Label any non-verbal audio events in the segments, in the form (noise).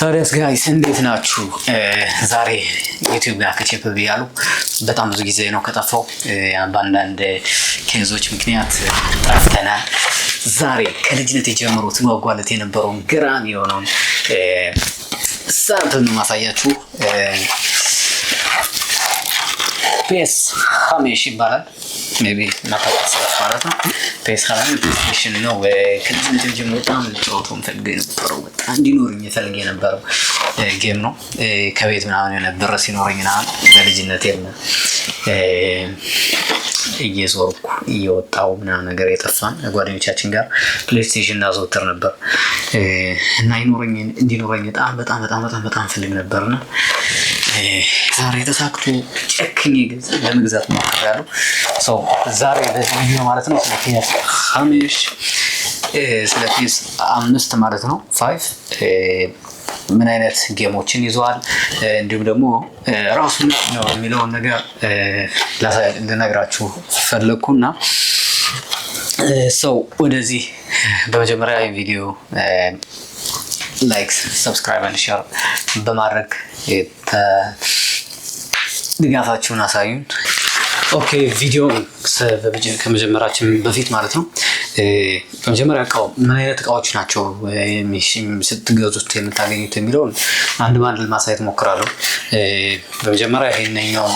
ታዲያስ ጋይስ እንዴት ናችሁ? ዛሬ የኢትዮጵያ ከቼፕ ብያሉ። በጣም ብዙ ጊዜ ነው ከጠፋው፣ በአንዳንድ ኬዞች ምክንያት ጠፍተናል። ዛሬ ከልጅነት የጀምሮ ትጓጓለት የነበረውን ግራሚ የሆነውን ሳምፕ ማሳያችሁ ፔስ ሀሜሽ ይባላል። ሜይ ቢ እናታውቃት ስለማለት ነው። ፔስ ካላሚ ፕሌይስቴሽን ነው። ከልጅነት ጀምሮ በጣም ጨዋታውን ፈልገው የነበረው በጣም እንዲኖርኝ የፈልግ የነበረው ጌም ነው። ከቤት ምናምን የሆነ ብር ሲኖረኝ ምናምን በልጅነት የለ እየዞርኩ እየወጣው ምናምን ነገር የጠፋን ጓደኞቻችን ጋር ፕሌይስቴሽን እናዘወትር ነበር እና ይኖረኝ እንዲኖረኝ በጣም በጣም በጣም በጣም በጣም ፈልግ ነበርና ዛሬ የተሳክቶ ጨክኝ ለመግዛት ሞክሬያለሁ። ዛሬ በዚህ ማለት ነው ስለ ፒኤስ ሀምሽ ስለ ፒኤስ አምስት ማለት ነው ፋይቭ ምን አይነት ጌሞችን ይዘዋል እንዲሁም ደግሞ ራሱ ነው የሚለውን ነገር ልነግራችሁ እና ሰው ወደዚህ በመጀመሪያ ቪዲዮ ላይክ ሰብስክራይብ አንድ ሼር በማድረግ ድጋፋችሁን አሳዩን። ኦኬ ቪዲዮ ከመጀመራችን በፊት ማለት ነው። በመጀመሪያ እቃው ምን አይነት እቃዎች ናቸው ስትገዙት የምታገኙት የሚለውን አንድ ባንድ ማሳየት ሞክራለሁ። በመጀመሪያ ይሄኛው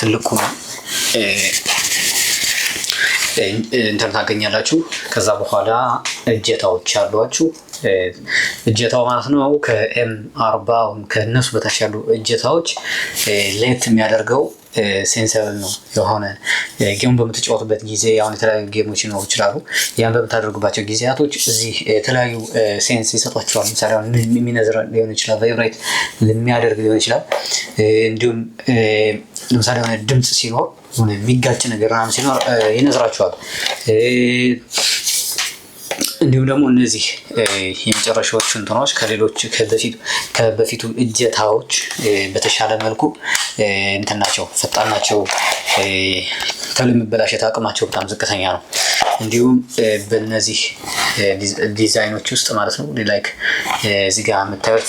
ትልቁ ነው እንትን ታገኛላችሁ። ከዛ በኋላ እጀታዎች አሏችሁ እጀታው ማለት ነው። ከኤም አርባ ከእነሱ በታች ያሉ እጀታዎች ለየት የሚያደርገው ሴንሰብል ነው የሆነ ጌሙ በምትጫወቱበት ጊዜ አሁን የተለያዩ ጌሞች ሊኖሩ ይችላሉ። ያን በምታደርጉባቸው ጊዜያቶች እዚህ የተለያዩ ሴንስ ይሰጧቸዋል። ምሳሌ የሚነዝር ሊሆን ይችላል፣ ቫይብሬት የሚያደርግ ሊሆን ይችላል። እንዲሁም ለምሳሌ የሆነ ድምፅ ሲኖር የሚጋጭ ነገር ምናምን ሲኖር ይነዝራቸዋል። እንዲሁም ደግሞ እነዚህ የመጨረሻዎቹ እንትኖች ከሌሎች ከበፊቱ እጀታዎች በተሻለ መልኩ እንትን ናቸው፣ ፈጣን ናቸው። ተሎ የመበላሸት አቅማቸው በጣም ዝቅተኛ ነው። እንዲሁም በነዚህ ዲዛይኖች ውስጥ ማለት ነው ላይክ እዚህ ጋ የምታዩት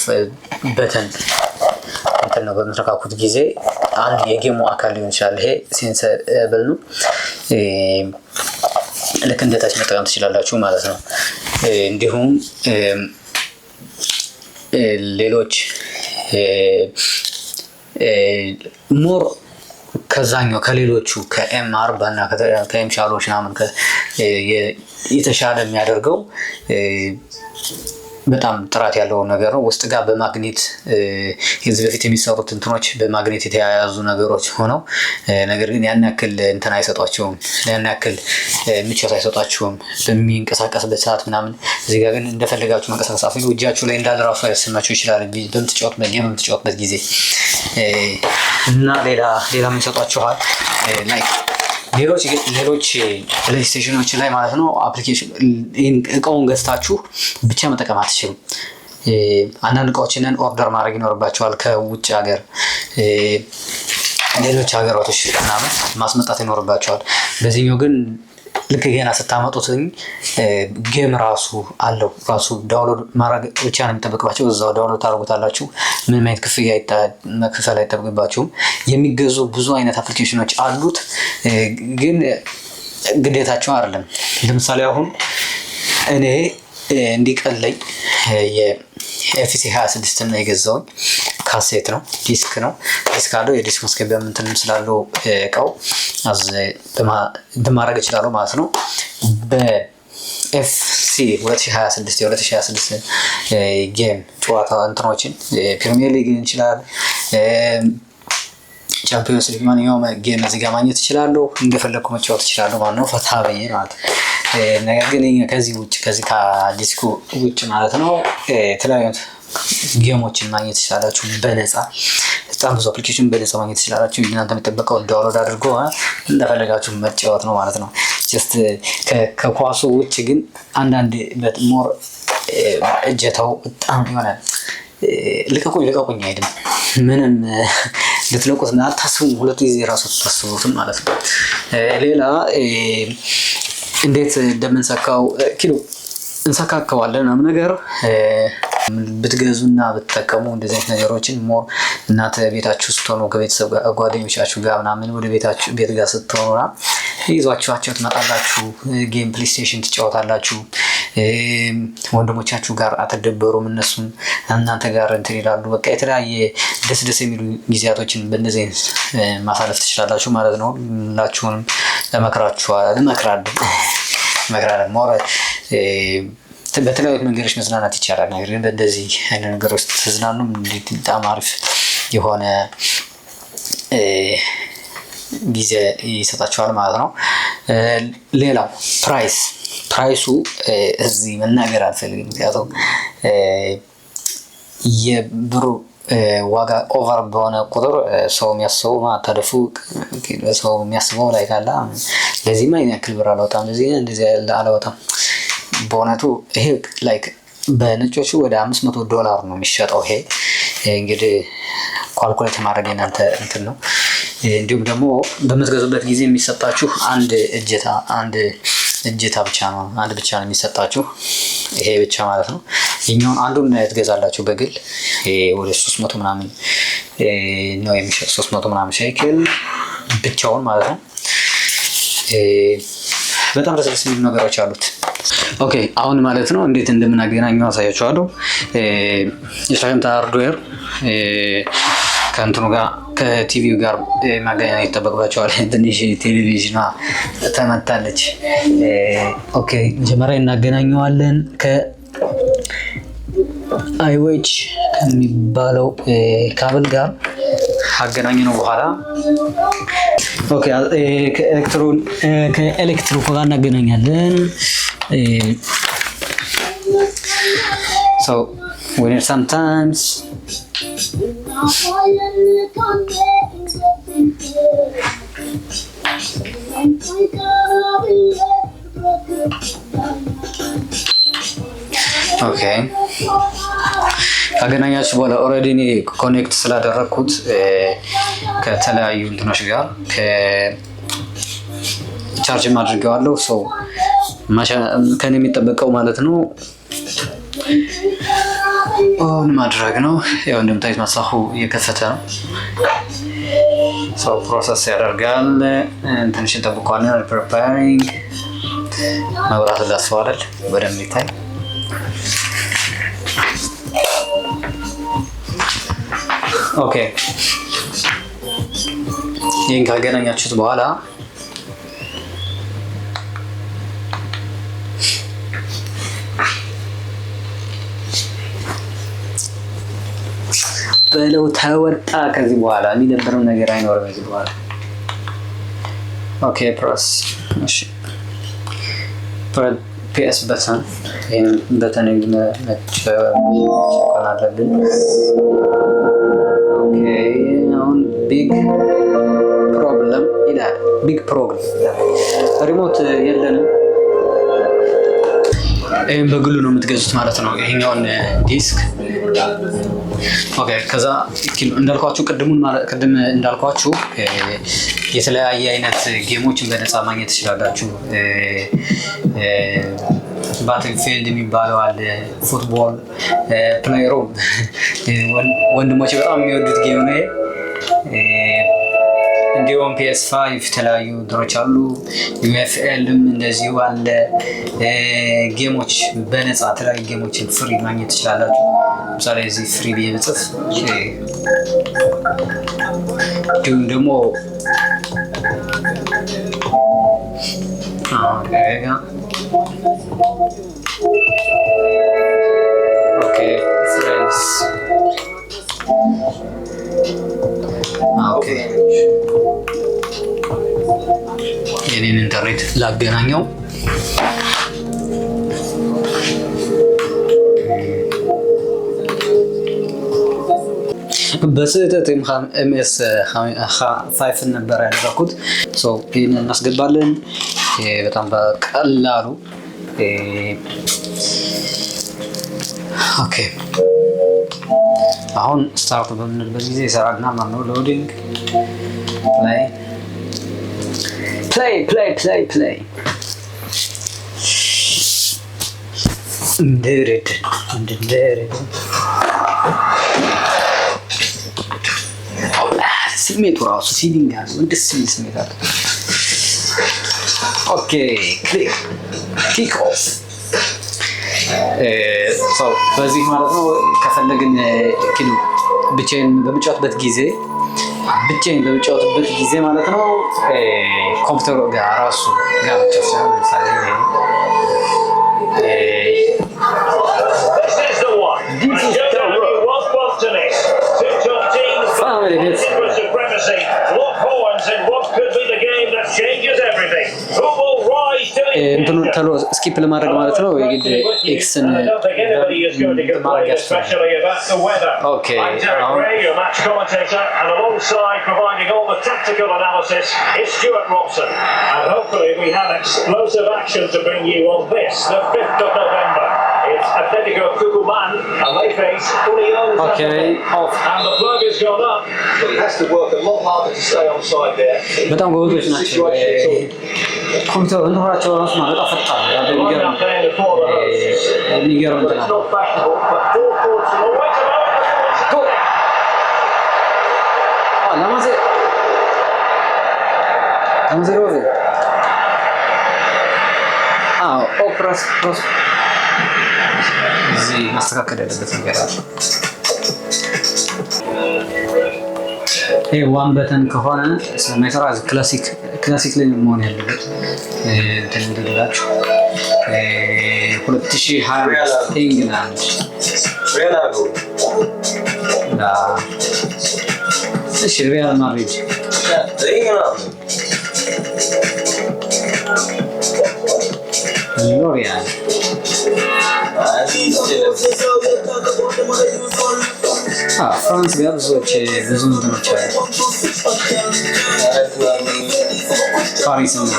በተን እንትን ነው። በምትነካኩት ጊዜ አንድ የጌሙ አካል ሊሆን ይችላል። ይሄ ብል ነው። ልክ እንደታች መጠቀም ትችላላችሁ ማለት ነው። እንዲሁም ሌሎች ሞር ከዛኛው ከሌሎቹ ከኤም አርባ እና ከኤም ሻሎች ምናምን የተሻለ የሚያደርገው በጣም ጥራት ያለው ነገር ነው። ውስጥ ጋር በማግኔት የዚህ በፊት የሚሰሩት እንትኖች በማግኔት የተያያዙ ነገሮች ሆነው ነገር ግን ያን ያክል እንትን አይሰጧቸውም፣ ያን ያክል ምቾት አይሰጧቸውም በሚንቀሳቀስበት ሰዓት ምናምን። እዚህ ጋር ግን እንደፈለጋችሁ መንቀሳቀስ አፍ እጃችሁ ላይ እንዳለ ራሱ ያሰማችሁ ይችላል በምትጫወትበት በምትጫወትበት ጊዜ እና ሌላ ሌላ የምንሰጧችኋል ላይክ ሌሎች ሌሎች ፕሌስቴሽኖች ላይ ማለት ነው አፕሊኬሽን እቃውን ገዝታችሁ ብቻ መጠቀም አትችሉም። አንዳንድ እቃዎችንን ኦርደር ማድረግ ይኖርባቸዋል ከውጭ ሀገር ሌሎች ሀገራቶች ምናምን ማስመጣት ይኖርባቸዋል። በዚህኛው ግን ልክ ገና ስታመጡት ጌም ራሱ አለው ራሱ ዳውንሎድ ማድረግ ብቻ ነው የሚጠበቅባቸው። እዛው ዳውንሎድ ታደርጉታላችሁ። ምንም አይነት ክፍያ መክፈል አይጠበቅባችሁም። የሚገዙ ብዙ አይነት አፕሊኬሽኖች አሉት፣ ግን ግዴታቸው አይደለም። ለምሳሌ አሁን እኔ እንዲቀለኝ የኤፍሲ 26 ነው የገዛውን ካሴት ነው፣ ዲስክ ነው። ዲስክ አለው የዲስክ ማስገቢያ ምንትንም ስላለው እቃው ማድረግ እችላለሁ ማለት ነው። በኤፍሲ 2026 የ2026 ጌም ጨዋታ እንትኖችን ፕሪሚየር ሊግ ይችላል ቻምፒዮንስ ሊግ ማንኛውም ጌም እዚህ ማግኘት ይችላሉ። እንደፈለግኩ መጫወት ይችላሉ ማለት ነው። ፈታ ብዬ ማለት ነው። ነገር ግን ከዚህ ውጭ ከዚህ ከዲስኩ ውጭ ማለት ነው የተለያዩ ጌሞችን ማግኘት ይችላላችሁ በነፃ በጣም ብዙ አፕሊኬሽን በነፃ ማግኘት ይችላላችሁ። እናንተ የሚጠበቀው ዳውንሎድ አድርጎ እንደፈለጋችሁ መጫወት ነው ማለት ነው። ጀስት ከኳሱ ውጭ ግን አንዳንድ በጥሞር እጀታው በጣም የሆነ ልቀቁኝ ልቀቁኝ አይድም ምንም ልትለቁት አታስቡም። ሁለቱ ጊዜ ራሱ ታስቡትም ማለት ነው ሌላ እንዴት እንደምንሰካው ኪሎ እንሰካከዋለን ምናምን ነገር ብትገዙና ብትጠቀሙ እንደዚህ አይነት ነገሮችን ሞር እናንተ ቤታችሁ ስትሆኑ ከቤተሰብ ጓደኞቻችሁ ጋር ምናምን ወደ ቤት ጋር ስትሆኑና ይዟችኋቸው ትመጣላችሁ። ጌም ፕሌይስቴሽን ትጫወታላችሁ። ወንድሞቻችሁ ጋር አትደበሩም፣ እነሱም እናንተ ጋር እንትን ይላሉ። በቃ የተለያየ ደስ ደስ የሚሉ ጊዜያቶችን በእነዚህ ማሳለፍ ትችላላችሁ ማለት ነው። ሁላችሁንም ለመክራችኋል መክራል መክራል ሞረ በተለያዩ መንገዶች መዝናናት ይቻላል። ነገር ግን በእንደዚህ አይነት ነገሮች ተዝናኑ በጣም አሪፍ የሆነ ጊዜ ይሰጣቸዋል ማለት ነው። ሌላው ፕራይስ ፕራይሱ እዚህ መናገር አልፈልግም፣ ምክንያቱም የብሩ ዋጋ ኦቨር በሆነ ቁጥር ሰው የሚያስበው ማታደፉ ሰው የሚያስበው ላይ ካለ ለዚህ ማ ያክል ብር አለወጣም፣ ለዚህ እንደዚህ አለወጣም። በእውነቱ ይሄ ላይክ በነጮቹ ወደ አምስት መቶ ዶላር ነው የሚሸጠው። ይሄ እንግዲህ ኳልኩሌት ማድረግ የናንተ እንትን ነው። እንዲሁም ደግሞ በምትገዙበት ጊዜ የሚሰጣችሁ አንድ እጀታ አንድ እጀታ ብቻ ነው። አንድ ብቻ ነው የሚሰጣችሁ፣ ይሄ ብቻ ማለት ነው። ይኛውን አንዱን ትገዛላችሁ በግል ወደ ሶስት መቶ ምናምን ነው የሚሸጥ፣ ሶስት መቶ ምናምን ሸክል ብቻውን ማለት ነው። በጣም ደስ የሚሉ ነገሮች አሉት። ኦኬ አሁን ማለት ነው እንዴት እንደምናገናኘው አሳያችኋለሁ። የሻሸምታ ሃርድዌር ከእንትኑ ጋር ከቲቪው ጋር ማገናኘት ይጠበቅባቸዋል። (laughs) ትንሽ ቴሌቪዥኗ ተመታለች። ኦኬ መጀመሪያ እናገናኘዋለን ከአይዌች ከሚባለው ካብል ጋር አገናኝ ነው በኋላ ኦኬ ጋር እናገናኛለን። ሶ ዊነር ሳምታይምስ ኦኬ ካገናኛችሁ በኋላ ኦልሬዲ እኔ ኮኔክት ስላደረግኩት ከተለያዩ እንትኖች ጋር ቻርጅም አድርገዋለሁ። ሰው ከኔ የሚጠበቀው ማለት ነው ኦን ማድረግ ነው። ያው እንደምታዩት መጽሐፉ እየከፈተ ነው። ሰው ፕሮሰስ ያደርጋል። ትንሽ እንጠብቀዋለን። ፕሪፓሪንግ መብራት ላስዋላል በደንብ ይታይ። ኦኬ ይህን ካገናኛችሁት በኋላ በለው ተወጣ። ከዚህ በኋላ የሚደብርም ነገር አይኖርም። ከዚህ በኋላ ኦኬ ፕረስ ፒኤስ በተን ይህም በተን መጨቆን አለብን። አሁን ቢግ ፕሮብለም ይላል። ቢግ ፕሮብለም ሪሞት የለንም። ይህም በግሉ ነው የምትገዙት ማለት ነው። ይሄኛውን ዲስክ ከዛ እንዳልኳችሁ ቅድሙን ቅድም እንዳልኳችሁ የተለያየ አይነት ጌሞችን በነፃ ማግኘት ትችላላችሁ። ባትልፊልድ የሚባለው አለ፣ ፉትቦል፣ ፕሌይሮም ወንድሞች በጣም የሚወዱት ጌም ነው። እንዲሁም ፒኤስ ፋይቭ የተለያዩ ድሮች አሉ። ዩኤፍኤልም እንደዚሁ አለ። ጌሞች በነፃ የተለያዩ ጌሞችን ፍሪ ማግኘት ትችላላችሁ። ለምሳሌ እዚህ ፍሪ ብዬ ብጽፍ እንዲሁም ደግሞ የኔን ኢንተርኔት ላገናኘው በስህተት ኤምኤስ ፋይፍን ነበር ያደረኩት። ይህን እናስገባለን። በጣም በቀላሉ አሁን ስታርቱ በምንልበት ጊዜ ይሰራልና ማለት ነው። ሎዲንግ ፕላይ ፕላይ ፕላይ ፕላይ ፕላይ እንደረድ እንደረድ ስሜቱ ራሱ ሲሊንግ ያዙ ደስ የሚል ስሜት አለ። ኦኬ ክሊክ ኪክ ኦፍ ሰው በዚህ ማለት ነው። ከፈለግን ኪሉ ብቻዬን በምጫወትበት ጊዜ ብቻዬን በምጫወትበት ጊዜ ማለት ነው ኮምፒውተሩ ጋር ራሱ ጋር ብቻ ሳይሆን ለምሳሌ እንትኑ ተሎ ስኪፕ ለማድረግ ማለት ነው የግድ ኤክስን ማድረግ ያስፈልጋል። ኦኬ አሁን Atletico Tucumán away face Okay, off. And the plug has gone up. But he has to work a lot harder to stay on side there. በጣም ጎበዝ ናቸው። ኮምፒውተርን ትኩራቸው ራሱ ማለት አፈታ የሚገርም እንትናል Conservosi. Ah, o pros, pros, እዚህ ማስተካከል ያለበት ነገር አለ። ይሄ ዋን በተን ከሆነ ስለማይሰራ ክላሲክ ላይ መሆን ያለበት ተንደላችሁ 2025 ኢንግላንድ ሪያል ማድሪድ ሎሪያል A, ah, Franz Gabzu, ce vizionă de orice are. Pare să nu mă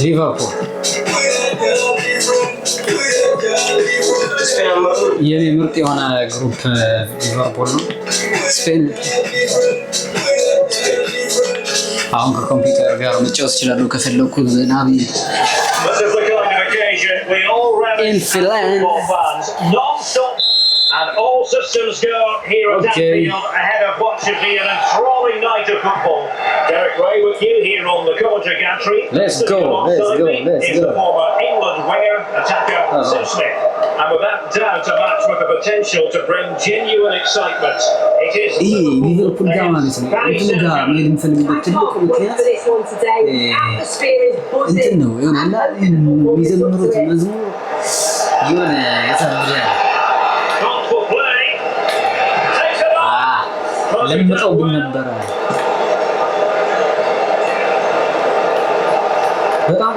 Liverpool. Spain. El e mult grup Liverpool, nu? Spain. አሁን ከኮምፒውተር ጋር መጫወት ይችላሉ ከፈለኩ ዝናብ And all systems go here at that field, ahead of what should be an enthralling night of football. Derek Ray with you here on the commentary gantry. Let's go, let's go, let's go. former England Ware attacker, uh uh-huh and without doubt a match with the potential to bring genuine excitement. It is. Hey, we've opened the arms and we've opened the door and we're in front of the table. Look at the chaos. This one today, the atmosphere is buzzing. I don't know, you know, that in the middle of the room, you and I, it's a dream. Not for play. Ah, let me open the door.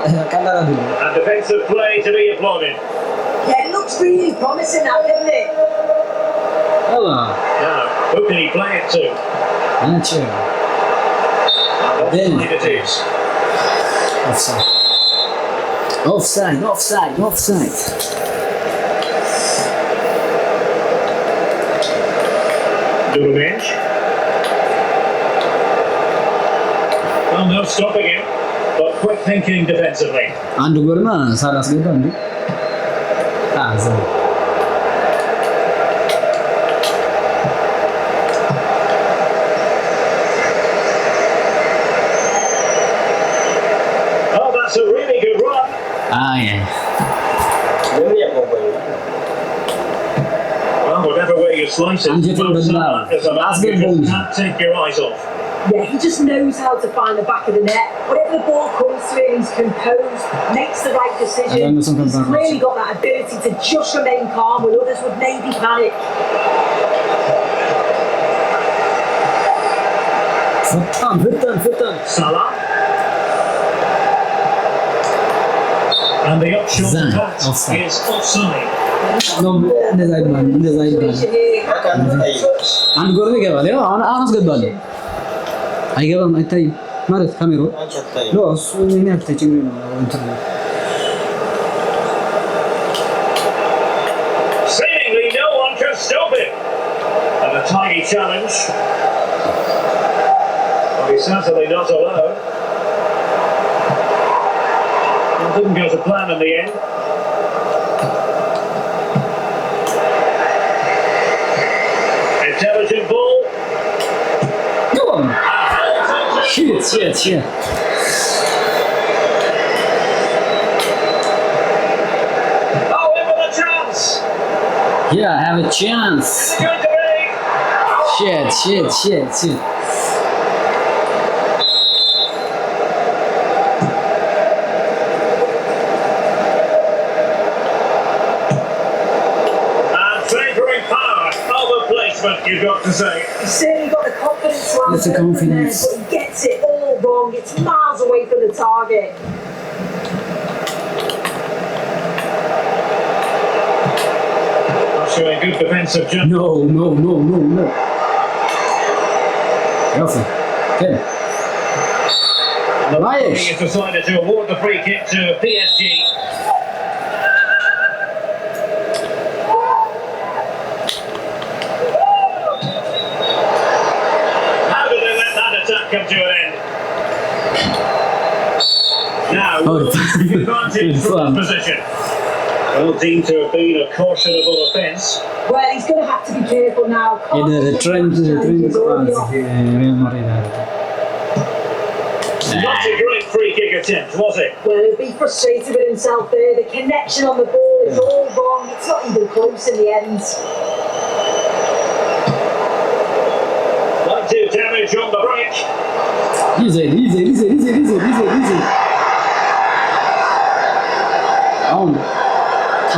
And defensive play to be applauded looks really promising, that, doesn't it? Hello. No. Who can he play it to? Not you. Then it is. Offside. Offside. Offside. Offside. Double bench. Well, no stop again. but quick thinking defensively. And Gurna, Sarah's good, casa. Oh, that's a really good run. Ah, yeah. whatever way you slice it, as well. That's good. Can't take your eyes off. Yeah, he just knows how to find the back of the net. Whatever the ball comes smooth, composed, makes the right decision. He's really got that ability to just remain calm when others would maybe panic. Fırtan, fırtan, fırtan. Salah. And the option Zan, offside. is Osuni. No, in the side man, in the side man. And Gordi gave it, yeah, I was good one. I gave him, I tell you. ማለት no one እሱ ምን ያህል ተጭኝ ነው እንትን tiny challenge. Well, he's certainly not alone. didn't go to plan in the end. 切切。Yeah, oh, I have a chance. Shit, shit, shit, shit. Uh, power. placement You've got to say. He's certainly got the confidence. It's a confidence. But he gets it ball gets miles away from the target. Showing good defensive jump. No, no, no, no, no. Nothing. Okay. the He has decided to award the free kick to PSG. his son. Um, position. Well deemed to have been a cautionable offence. Well, he's going to have to be careful now. In the trench, the trench runs. Not a great free kick attempt, was it? Well, he would be frustrated with himself there. The connection on the ball is all wrong. It's not even close in the end. Plenty of damage on the break. Easy, easy, easy,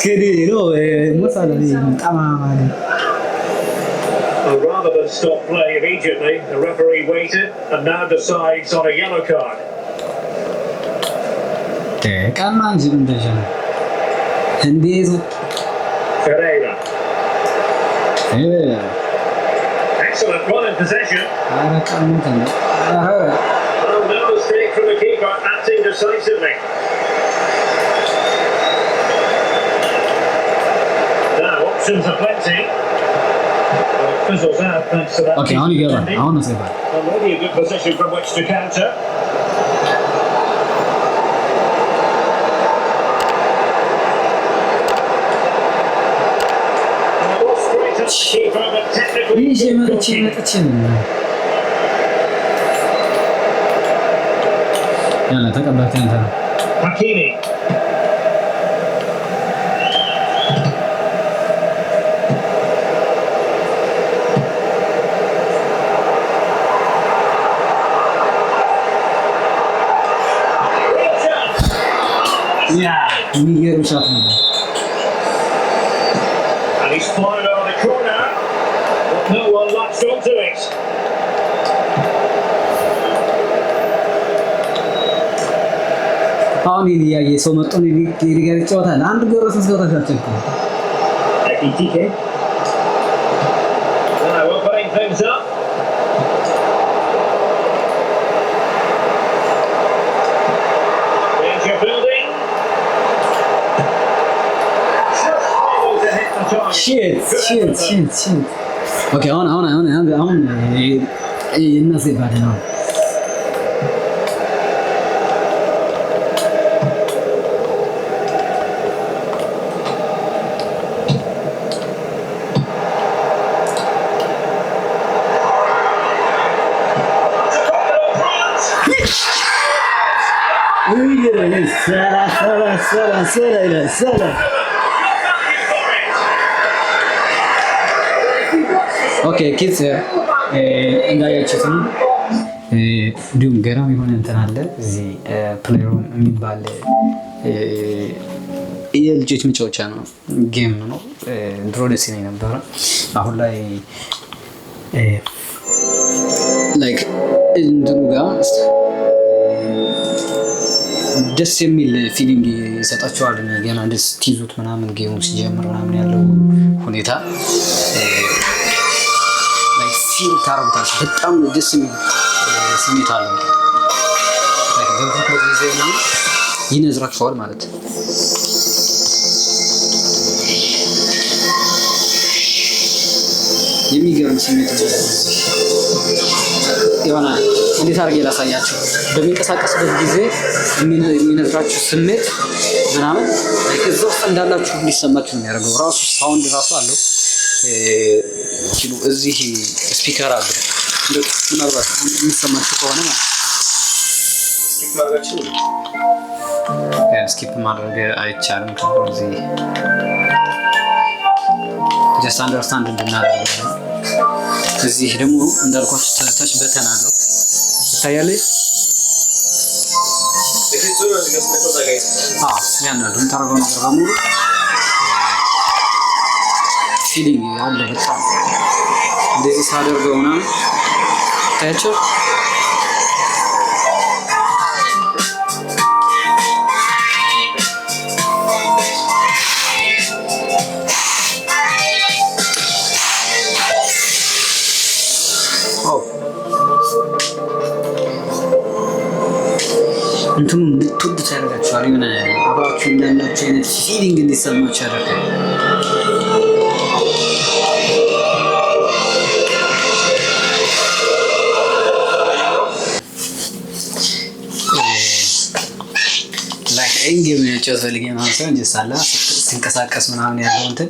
Kedi, no, eh, masa tadi tama Well, rather than stop play immediately, the referee waited and now decides on a yellow card. Okay. Kaman jimin dashan. Hindi is Pereira. Yeah. Excellent run in possession. Ara kaman tanda. Aha. And no mistake from the keeper, acting decisively. options aplenty. Well, uh, fizzles out thanks to that. Okay, on want go there. I want to say that. Uh, Already a good position from which to counter. Idziemy, lecimy, lecimy. Jale, taka była klienta. Hakimi. Yeah. And he gave And he's fired out of the corner, but no one latched onto it. አሁን እያየ ሰው መጥቶ ሊገር ይጫወታል። አንድ ጎረስ እስከታች አልቸልኩም shit, shit, shit, shit. Okay, ona, ona, ona, ona, ona. Hii nasi baada na. Sera, sera, sera, sera, sera. ኪድስ እንዳያችሁትም እንዲሁም ገራም የሆነ እንትን አለ እዚህ ፕሌይሩም የሚባል የልጆች መጫወቻ ነው፣ ጌም ነው። ድሮ ደስ ይለኝ ነበረ። አሁን ላይ ላይክ እንትኑ ጋር ደስ የሚል ፊሊንግ ይሰጣቸዋል። ገና ደስ ትይዙት ምናምን ጌሙ ሲጀምር ምናምን ያለው ሁኔታ ፊል ታረጉታለች። በጣም ደስ የሚል ስሜት አለ። በብዙ ጊዜ ይነዝራችኋል ማለት የሚገርም ስሜት የሆነ እንዴት አድርጌ ላሳያቸው? በሚንቀሳቀስበት ጊዜ የሚነዝራችሁ ስሜት ምናምን ከዛ ውስጥ እንዳላችሁ እንዲሰማችሁ የሚያደርገው ራሱ ሳውንድ ራሱ አለው። እዚህ ስፒከር አለ። ምናልባት የሚሰማችሁ ከሆነ ስኪፕ ማድረግ አይቻልም። እዚህ ጀስት አንደርስታንድ እንድናደርግ እዚህ ደግሞ እንዳልኳችሁ ተች በተን አለው ይታያል። ያንዱ ተረጎ ነገር በሙሉ ሲሊንግ ያለ በጣም እንደዚህ ሳደርገው ምናምን ታያቸው እንትኑ እንድትወዱት ያደርጋችኋል። የሆነ አብራችሁ እንዳላችሁ አይነት ፊሊንግ እንዲሰማችሁ ያደርጋል። ምቾት ፈልጌ ምናምን ሳይሆን ጀሳላ ሲንቀሳቀስ ምናምን ያለው እንትን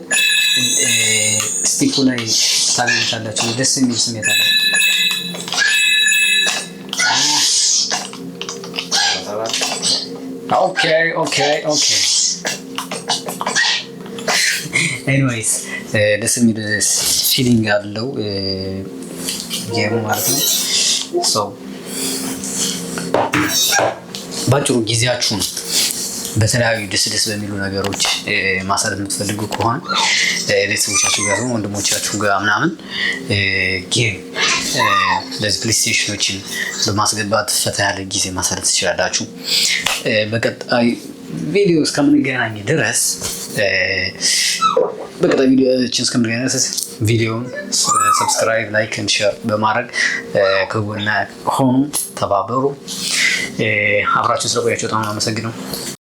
ስቲኩ ላይ ታገኝታላችሁ። ደስ የሚል ስሜት አለ። ኦኬ ኦኬ ኦኬ። ኤኒዌይስ ደስ የሚል ፊሊንግ አለው ጌሙ ማለት ነው። ሰው ባጭሩ ነው በተለያዩ ደስ ደስ በሚሉ ነገሮች ማሳለፍ የምትፈልጉ ከሆነ ቤተሰቦቻችሁ ጋር ወንድሞቻችሁ ጋር ምናምን ጌም ለዚህ ፕሌስቴሽኖችን በማስገባት ፈታ ያለ ጊዜ ማሳለፍ ትችላላችሁ። በቀጣይ ቪዲዮ እስከምንገናኝ ድረስ በቀጣይ ቪዲዮችን እስከምንገናኝ ድረስ ቪዲዮን ሰብስክራይብ፣ ላይክ ኤንድ በማድረግ ከጎና ሆኑ፣ ተባበሩ። አብራችሁ ስለቆያችሁ በጣም አመሰግነው።